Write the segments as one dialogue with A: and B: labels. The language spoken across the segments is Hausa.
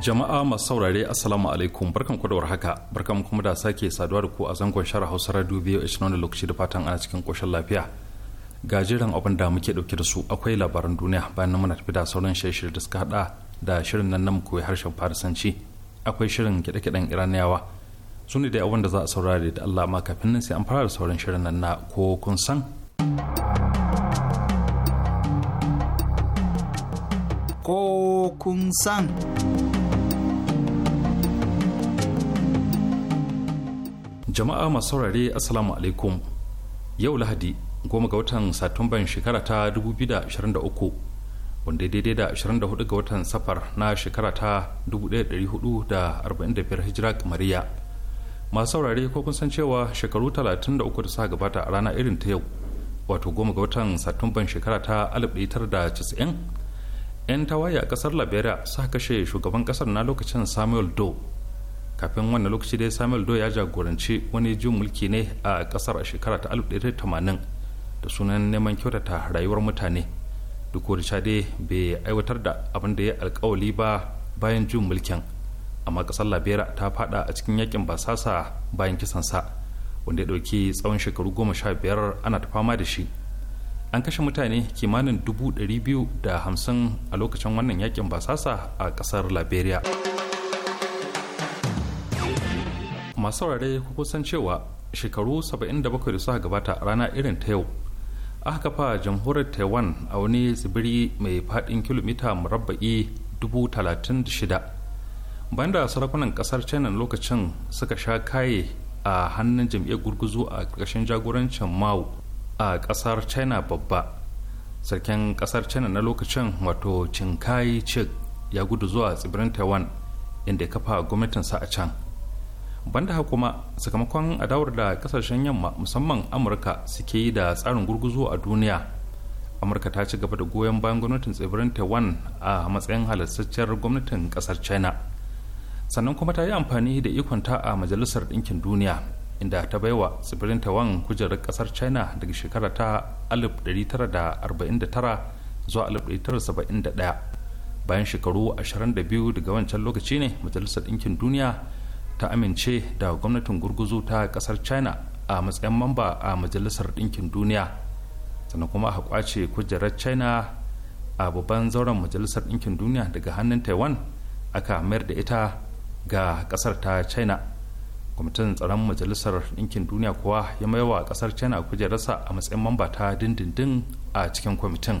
A: jama'a masu saurare assalamu alaikum barkan ku haka warhaka barkan kuma da sake saduwa da ku a zangon shara hausa radio biyu ishirin da lokaci da fatan ana cikin koshin lafiya ga jiran abin da muke dauke da su akwai labaran duniya bayan muna tafi da sauran shirye da suka hada da shirin nan na koyi harshen farisanci akwai shirin kiɗe-kiɗen iraniyawa su ne dai abin da za a saurare da allah ma kafin nan sai an fara da sauran shirin nan na ko kun san
B: ko kun san
A: jama'a masu saurare assalamu alaikum yau lahadi goma ga watan satumban shekara ta 2023 wanda daidai da 24 ga watan safar na shekara ta 1445 hijira kamariya masu saurare ko kun san cewa shekaru 33 da suka gabata a rana irin ta yau wato goma ga watan satumban shekara ta 1990 'yan tawaye a kasar liberia suka kashe shugaban kasar na lokacin samuel doe kafin wannan lokaci dai samuel do ya jagoranci wani jin mulki ne a kasar a shekara ta 1980 da sunan neman kyautata rayuwar mutane duk da dai bai aiwatar da abin da ya alkawali ba bayan jin mulkin amma kasar labera ta fada a cikin yakin basasa bayan kisansa wanda ya dauki tsawon shekaru goma sha biyar ana ta fama da shi an kashe mutane kimanin dubu ɗari biyu da hamsin a lokacin wannan yakin basasa a kasar liberia masu saurare kusan cewa shekaru 77 da suka gabata rana irin ta yau aka kafa jamhuriyar taiwan a wani tsibiri mai faɗin kilomita murabba'i 36,000 da sarakunan ƙasar china lokacin suka sha kaye a hannun jam'iyyar gurguzu a ƙarshen jagorancin mao a ƙasar china babba sarkin ƙasar china na lokacin wato cinkai cik ya gudu zuwa tsibirin taiwan inda ya kafa gwamnatinsa a can banda haka kuma sakamakon adawar da kasashen yamma musamman amurka suke yi da tsarin gurguzo a duniya amurka ta ci gaba da goyon bayan gwamnatin tsibirin taiwan a matsayin halittacciyar gwamnatin kasar china sannan kuma ta yi amfani da ikonta a majalisar ɗinkin duniya inda ta baiwa tsibirin taiwan kujerar kasar china daga shekara ta 1949 zuwa 1971 bayan shekaru 22 daga wancan lokaci ne majalisar ɗinkin duniya ta amince da gwamnatin gurguzu ta kasar china a matsayin mamba a majalisar ɗinkin duniya sannan kuma a kwace kujerar china a babban zauren majalisar ɗinkin duniya daga hannun taiwan aka mayar da ita ga kasar ta china kwamitin tsaron majalisar ɗinkin duniya kuwa ya maiwa kasar china kujerarsa a matsayin mamba ta dindindin a cikin kwamitin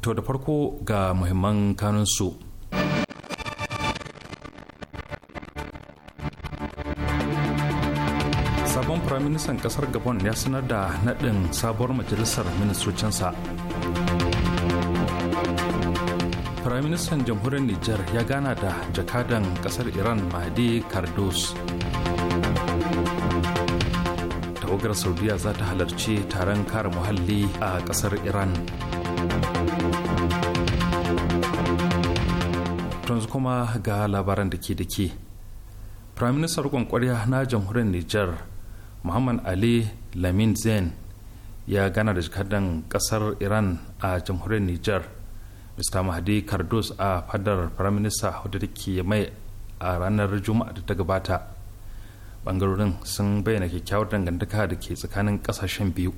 A: To da farko ga muhimman kanunsu. Sabon firaministan kasar Gabon ya sanar da naɗin sabuwar majalisar ministocinsa. Firaministan jamhuriyar Nijar ya gana da jakadan kasar Iran Mahdi cardos tawagar saudiya za ta halarci taron kare muhalli a kasar iran yanzu kuma ga labaran da ke da ke firaministan rukun kwarya na jamhuriyar niger muhammad ali lamin zain ya gana da jikadan kasar iran a jamhuriyar niger mr mahdi kardus a fadar firaminista wadda take mai a ranar juma'a da ta gabata bangarorin sun bayyana kyakkyawar dangantaka da ke tsakanin kasashen biyu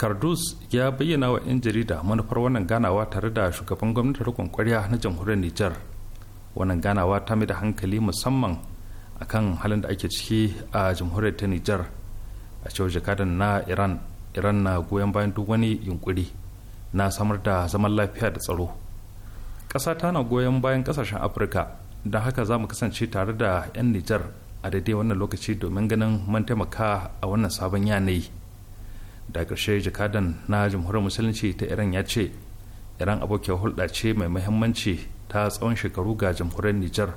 A: cardus ya bayyana wa 'yan jarida manufar wannan ganawa tare da shugaban gwamnatin rikon kwarya na jamhuriyar nijar wannan ganawa ta mai da hankali musamman akan halin da ake ciki a jamhuriyar ta nijar a cewar jakadan na iran iran na goyon bayan duk wani yunkuri na samar da zaman lafiya da tsaro ƙasa ta na goyon bayan ƙasashen afirka don haka za mu kasance tare da 'yan nijar a daidai wannan lokaci domin ganin man taimaka a wannan sabon yanayi da ƙarshe jakadan na jamhuriyar musulunci ta iran ya ce iran abokiyar hulɗa ce mai muhimmanci ta tsawon shekaru ga jamhuriyar nijar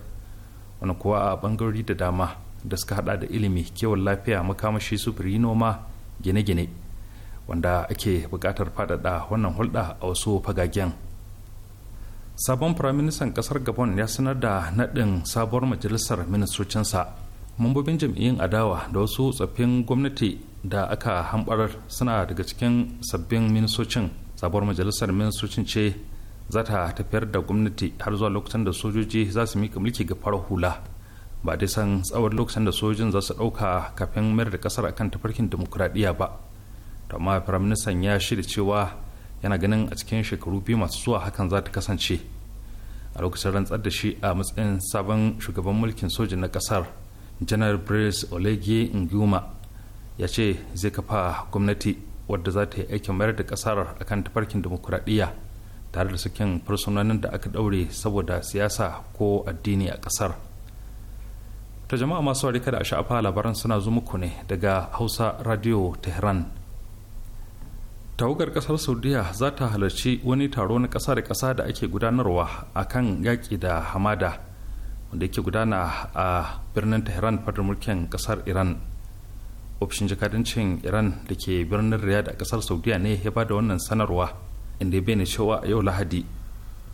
A: wani kuwa a bangarori da dama da suka hada da ilimi kewan lafiya makamashi sufuri noma gine-gine wanda ake buƙatar faɗaɗa wannan hulɗa a wasu fagagen sabon firaministan ƙasar gabon ya sanar da naɗin sabuwar majalisar ministocinsa mambobin jam'iyyun adawa da wasu tsoffin gwamnati da aka hambarar suna daga cikin sabbin ministocin sabuwar majalisar ministocin ce za ta tafiyar da gwamnati har zuwa lokacin da sojoji za su mika mulki ga farar hula ba dai san tsawon lokacin da sojojin za su ɗauka kafin mayar da ƙasar akan tafarkin demokuraɗiyya ba to amma firaministan ya shirya cewa yana ganin a cikin shekaru biyu masu zuwa hakan za ta kasance a lokacin rantsar da shi a matsayin sabon shugaban mulkin sojin na ƙasar janar brice olegi nguma ya ce zai kafa gwamnati wadda za ta yi aikin mayar da kasar akan tafarkin demokuraɗiyya tare da sakin fursunonin da aka ɗaure saboda siyasa ko addini a kasar. ta jama'a masu warika da sha'afa labaran suna zo muku ne daga hausa radio tehran tawagar kasar saudiya za ta halarci wani taro na kasa da kasa da ake gudanarwa akan yaƙi da hamada wanda yake gudana a birnin tehran fadar mulkin kasar iran ofishin jakadancin iran da ke birnin riyadh a kasar saudiya ne ya bada wannan sanarwa inda ya bayyana cewa a yau lahadi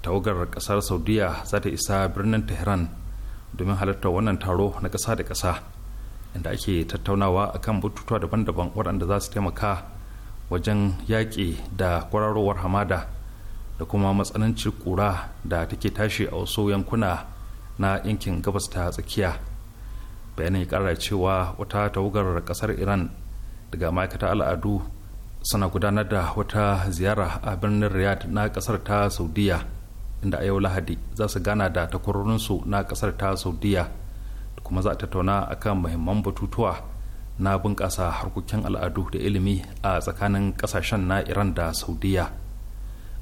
A: tawagar kasar saudiya za ta isa birnin tehran domin halartar wannan taro na ƙasa da ƙasa inda ake tattaunawa akan batutuwa daban-daban waɗanda za su taimaka wajen yaƙi da kwararowar hamada da kuma matsananci ƙura da take tashi a wasu yankuna na yankin gabas ta tsakiya bayanin ya kara cewa wata tawagar kasar iran daga ma'aikata al'adu suna gudanar da wata ziyara a birnin riyadh na kasar ta saudiya inda a yau lahadi za su gana da takwarorinsu na kasar ta saudiya da kuma za a tattauna akan muhimman batutuwa na bunƙasa harkokin al'adu da ilimi a tsakanin ƙasashen na iran da saudiya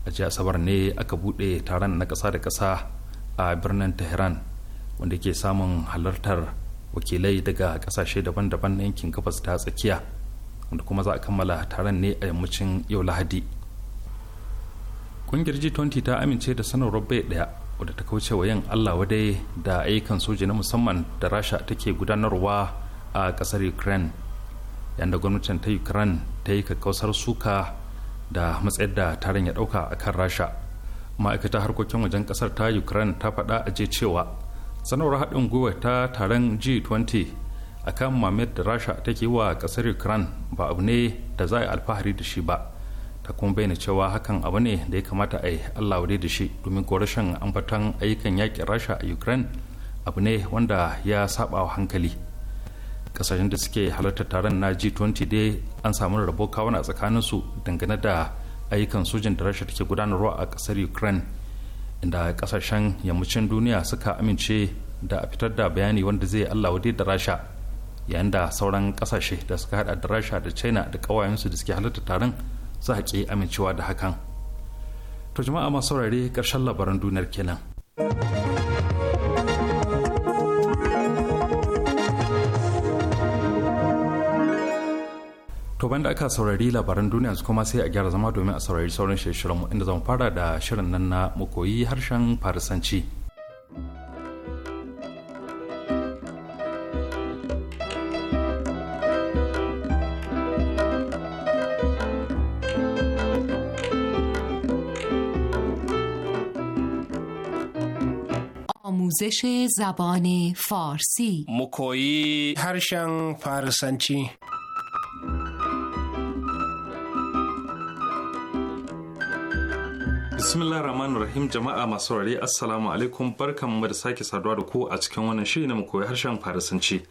A: a jiya asabar ne aka buɗe taron na ƙasa da ƙasa a birnin tehran wanda ke samun halartar wakilai daga kasashe daban-daban na yankin gabas ta tsakiya wanda kuma za a kammala taron ne a yammacin yau lahadi kungiyar g20 ta amince da sanarwar bai daya wadda ta kauce wa yin allah wadai da ayyukan soji na musamman da rasha take gudanarwa a kasar ukraine yadda gwamnatin ta ukraine ta yi kakkausar suka da matsayar da taron ya dauka akan rasha ma'aikatar harkokin wajen kasar ta ukraine ta faɗa a je cewa sanarwar haɗin gwiwa ta taron g20 a kan mamayar da rasha take yi wa ƙasar ukraine ba abu ne da za a yi alfahari da shi ba ta kuma bayyana cewa hakan abu ne da ya kamata a yi allah da shi domin ko rashin ambaton ayyukan yakin rasha a ukraine abu ne wanda ya saba wa hankali kasashen da suke halartar taron na g20 dai an samu rabo kawana tsakaninsu dangane da ayyukan sojin da rasha take gudanarwa a kasar ukraine inda kasashen yammacin duniya suka amince da a fitar da bayani wanda zai allah wade da rasha yayin da sauran kasashe da suka hada da rasha da china da kawayensu da suke halarta taron su haƙi amincewa da hakan to jama'a masu saurare ƙarshen labaran duniyar kenan. To da aka saurari labaran duniya su kuma sai a gyara zama domin a saurari sauran shirin shiryenmu inda zamu fara da shirin nan na koyi harshen Farisanci.
C: آموزش زبان فارسی
A: مکویی هرشن
D: فارسنچی
A: Bismillah Rahman Rahim jama'a masu saurare Assalamu alaikum mu da sake saduwa da ku a cikin wannan shiri na mu harshen Farisanci.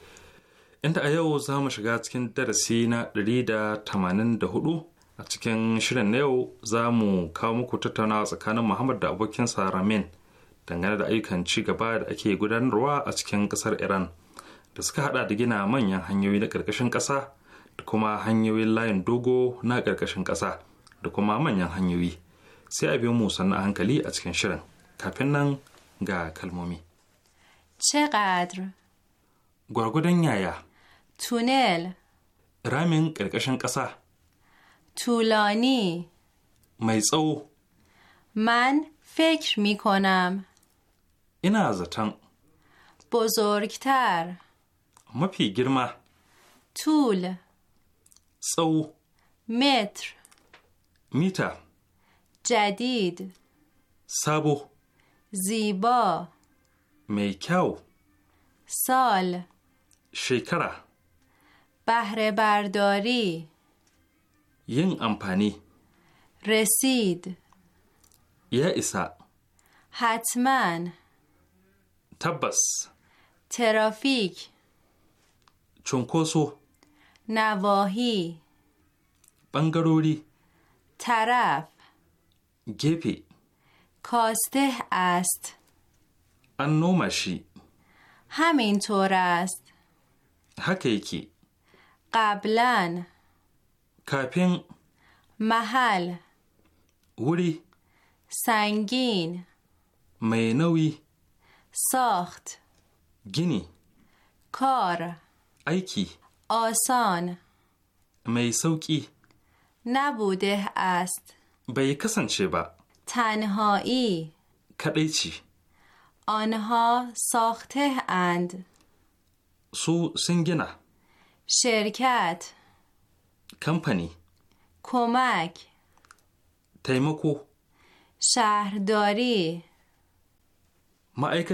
A: Inda a yau za mu shiga cikin darasi na ɗari da tamanin 184 a cikin shirin na yau za mu kawo muku tattaunawa tsakanin Muhammad da abokin Ramin dangane da ayyukan ci gaba da ake gudanarwa a cikin ƙasar Iran da suka haɗa da gina manyan hanyoyi na karkashin ƙasa da kuma hanyoyin layin dogo na ƙarƙashin ƙasa da kuma manyan hanyoyi. sai a bi mu sannan a hankali a cikin shirin kafin nan ga kalmomi.
C: چقدر؟
A: gwargwadon yaya.
C: Tunel.
A: Ramin ƙarƙashin ƙasa.
C: Tulani.
A: Mai tsawo.
C: Man فکر می کنم
A: Ina zaton.
C: بزرگتر
A: Mafi girma.
C: Tul. سو متر Mita. جدید سبو زیبا
A: میکاو
C: سال شکره بهره برداری
A: ین امپانی
C: رسید
A: یا ایسا
C: حتما
A: تبس
C: ترافیک
A: چونکوسو
C: نواهی
A: بنگروری طرف گپی
C: کاسته است
A: انومشی
C: همینطور است
A: حقیقی
C: قبلا کپین محل وری سنگین
A: مینوی ساخت گینی
C: کار ایکی آسان
A: میسوکی
C: نبوده است
A: bai کسنچه
C: تنهایی کدی چی آنها ساخته اند
A: سو سنگنا
C: شرکت کمپانی کمک تیمکو شهرداری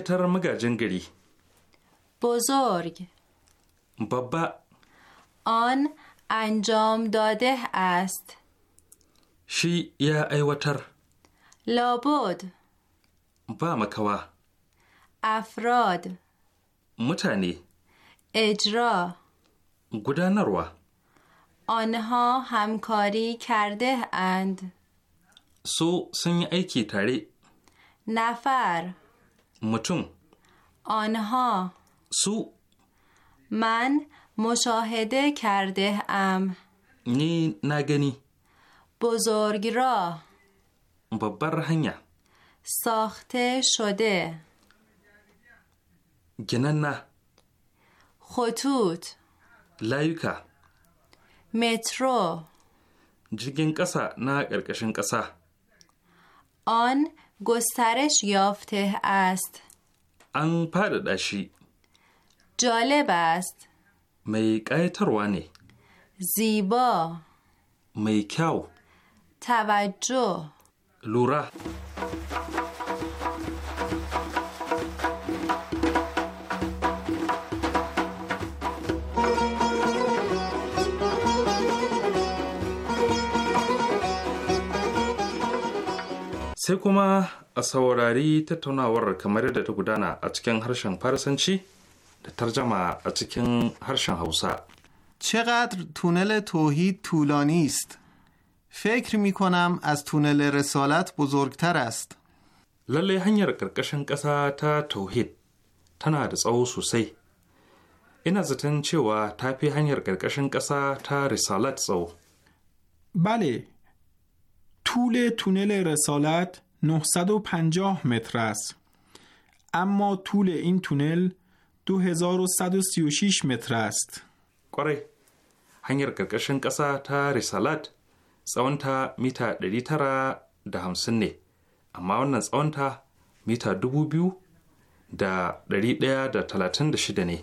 A: تر magajin گری
C: بزرگ بابا آن انجام داده است
A: شی ایوتر
C: لابد با مکوا افراد
A: متانی
C: اجرا رو آنها همکاری کرده اند
A: سو سن ایکی تاری
C: نفر متون آنها سو من مشاهده کرده ام
A: نی نگنی
C: بزرگ را ساخته شده
A: گننه خطوط لایوکا مترو جگن کسا نه کرکشن کسا
C: آن گسترش یافته است
A: ان پردشی
C: جالب است می زیبا
A: میکاو
C: توجه
A: لورا sai kuma a saurari tattaunawar kamar yadda ta gudana
E: a cikin harshen farisanci da tarjama a cikin harshen hausa چقدر تونل tohi طولانی است؟ فکر می کنم از تونل رسالت بزرگتر است. لله کرکشن کسا تا
A: توحید تنا او سوی. این از تن چی و تابی تا رسالت سو. بله.
F: طول تونل رسالت 950 متر است. اما طول این تونل 2136 متر است. کره
A: کرکشن تا رسالت tsawonta mita 950 ne amma wannan tsawonta mita 2136 ne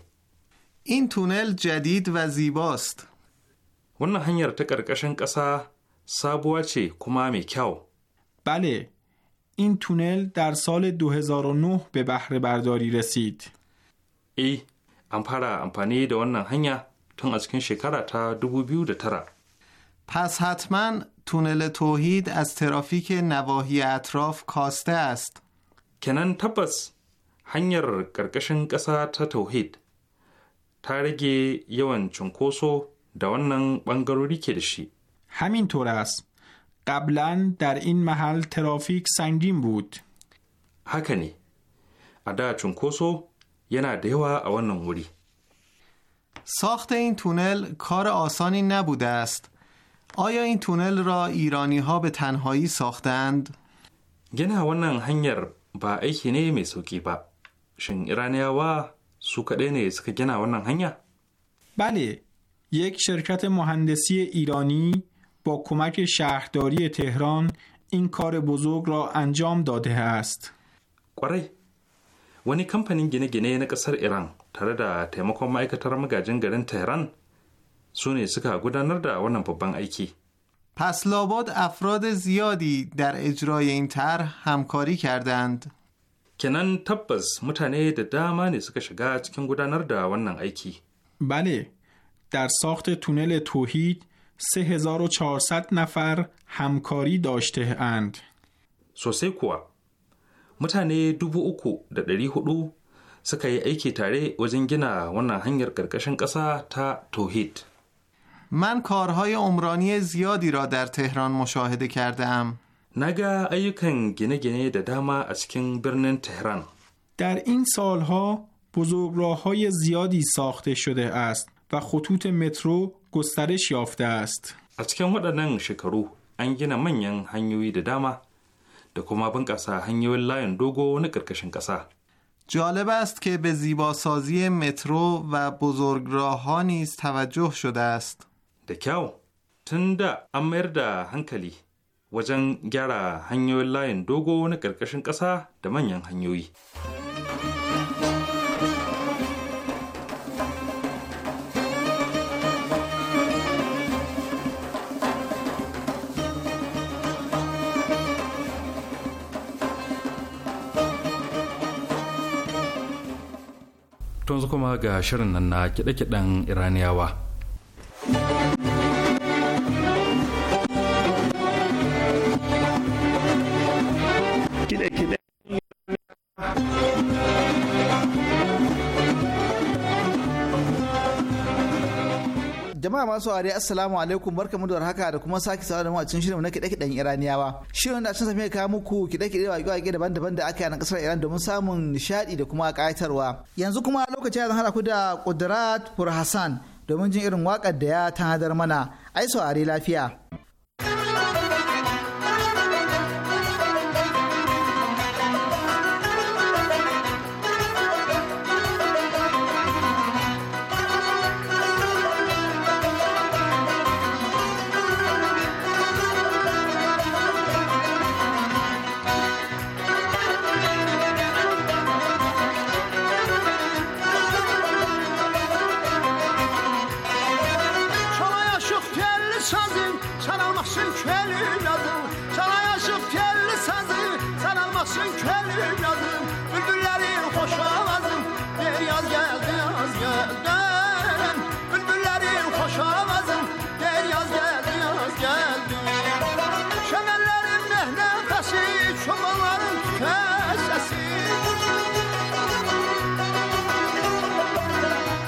A: In Tunnel jadid و zibost wannan hanyar ta ƙarƙashin ƙasa sabuwa ce kuma mai kyau. bale این تونل
F: در سال 2009 be بهره
A: برداری رسید. Eh, an fara amfani da wannan hanya tun a cikin shekara ta 2009.
E: پس حتما تونل توحید از ترافیک نواحی اطراف کاسته است. کنن تپس هنگر کرکشن کسا تا توحید. تارگی یوان yawan cunkoso
A: da wannan ɓangarori ke است. قبلا
F: در این محل ترافیک سنگین بود. هکنی. ادا
A: A da ینا yana da
E: ساخت این تونل کار آسانی نبوده است آیا این تونل را ایرانی ها به تنهایی ساختند؟ گنه ونن هنگر با ایکی نیمی سوکی با
A: شن ایرانی سوکده نیز که گنه ونن هنگر بله
F: یک شرکت مهندسی ایرانی با کمک شهرداری تهران این کار بزرگ را انجام داده است.
A: قری ونی کمپنی گنه گنه نکسر ایران ترده تیمکو مایک ترمگا جنگرن تهران su ne suka gudanar da wannan babban aiki.
E: پسلاباد افراد زیادی در اجرای این طرح همکاری کردند. کنن تبز متنه ده دامانی سکه شگات کن گودانر ده ونن ایکی. بله، در
F: ساخت تونل توهید توحید 3400 نفر همکاری داشته
A: اند. سوسی کوا، متنه دوبو اوکو ده دری خودو سکه ایکی تاره وزنگینا ونن هنگر کرکشن کسا تا توهید.
E: من کارهای عمرانی زیادی را در تهران مشاهده کرده ام. نگا ایوکن گینه گینه دداما از کن برنن تهران در
F: این سالها های زیادی ساخته شده است و خطوط
A: مترو گسترش یافته است. از کن ودنن شکرو انگینه منین هنیوی دداما da kuma هنیوی هنیوی لاین دوگو na
E: جالب است که به زیباسازی مترو و بزرگراه ها نیز توجه شده است. da kyau tun da an mayar da hankali wajen
A: gyara hanyoyin layin dogo na ƙarƙashin ƙasa da manyan hanyoyi. tun kuma ga shirin nan na kiɗe-kiɗen iraniyawa
B: jama'a masu wari assalamu alaikum barkamu da warhaka da kuma sake sawa da mu a cikin shirin na kiɗe iraniyawa shirin da sun same ka muku kiɗe-kiɗe da waƙe daban-daban da aka yi a ƙasar iran domin samun nishadi da kuma kayatarwa yanzu kuma lokaci zan hada ku da kudrat furhasan domin jin irin wakar da ya tanadar mana ai saurari lafiya
G: Sen almaksın köylü lazım Sana yaşıp telli sazı Sen almaksın köylü lazım Bülbülleri koşamazım Gel yaz geldi yaz geldi Bülbülleri koşamazım Gel yaz geldi yaz geldi Şemellerin nehre taşı Çobanların köşesi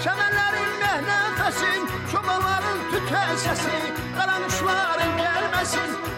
G: Şemellerin nehre taşı Çobanların tüten Karanuşlarım gelmesin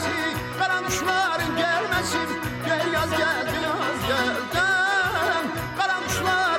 G: gelmesi Karan kuşların Gel yaz gel gel yaz gel Karan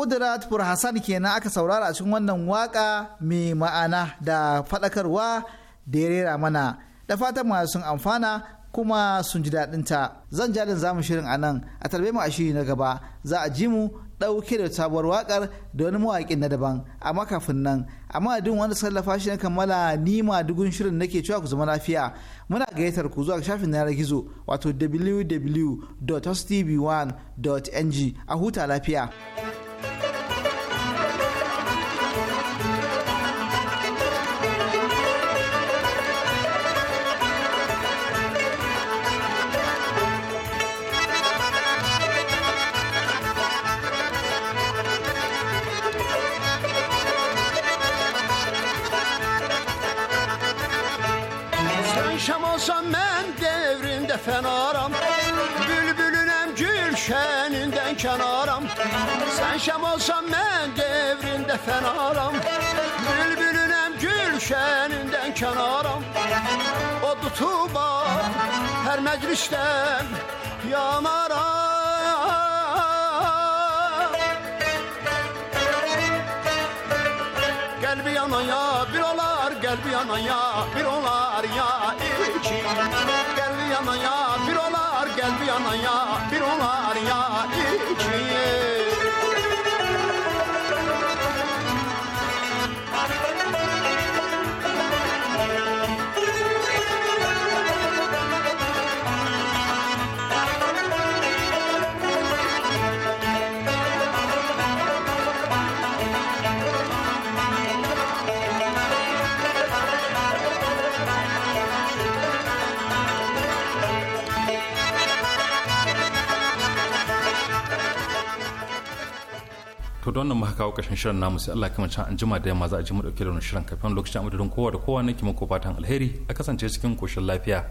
B: kudirat burhassan kenan aka saurara a cikin wannan waka mai ma'ana da faɗakarwa da ya rera mana da fatan masu sun amfana kuma sun ji daɗin ta zan jalin zamu shirin a nan a tarbe mu a shiri na gaba za a ji mu ɗauke da sabuwar wakar da wani mawaƙin na daban amma kafin nan amma duk wanda sallafa shi na kammala nima dugun shirin nake cewa ku zama lafiya muna gayyatar ku zuwa shafin yanar gizo wato www.tv1.ng a huta lafiya.
G: fen aram Bülbülünem gülşeninden kenaram O tutubat her meclisten yanaram Gel bir yana ya bir olar gel bir yana ya bir olar ya iki Gel bir yana ya bir olar gel bir yana ya bir olar ya iki
A: to don mu haka kashin shirin namu sai Allah kuma can an jima da yamma za a ji mu dauke da wani shirin kafin lokacin amadadin kowa da kowa nake muku fatan alheri a kasance cikin koshin lafiya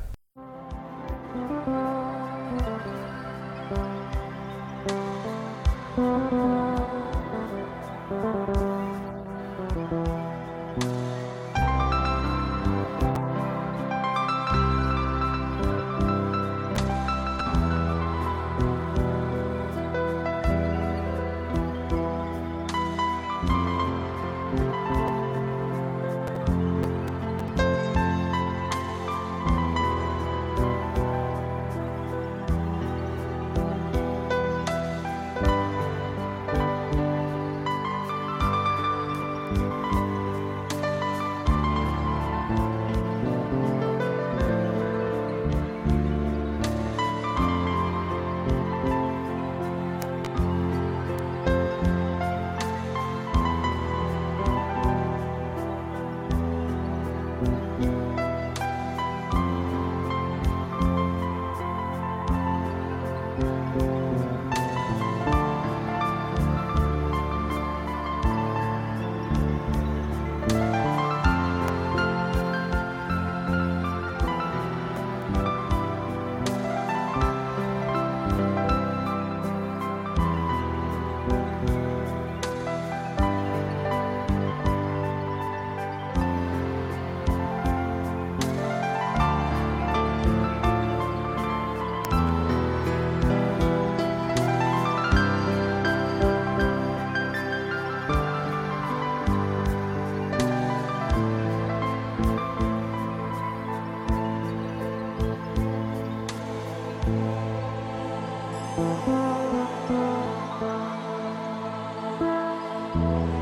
D: Thank you.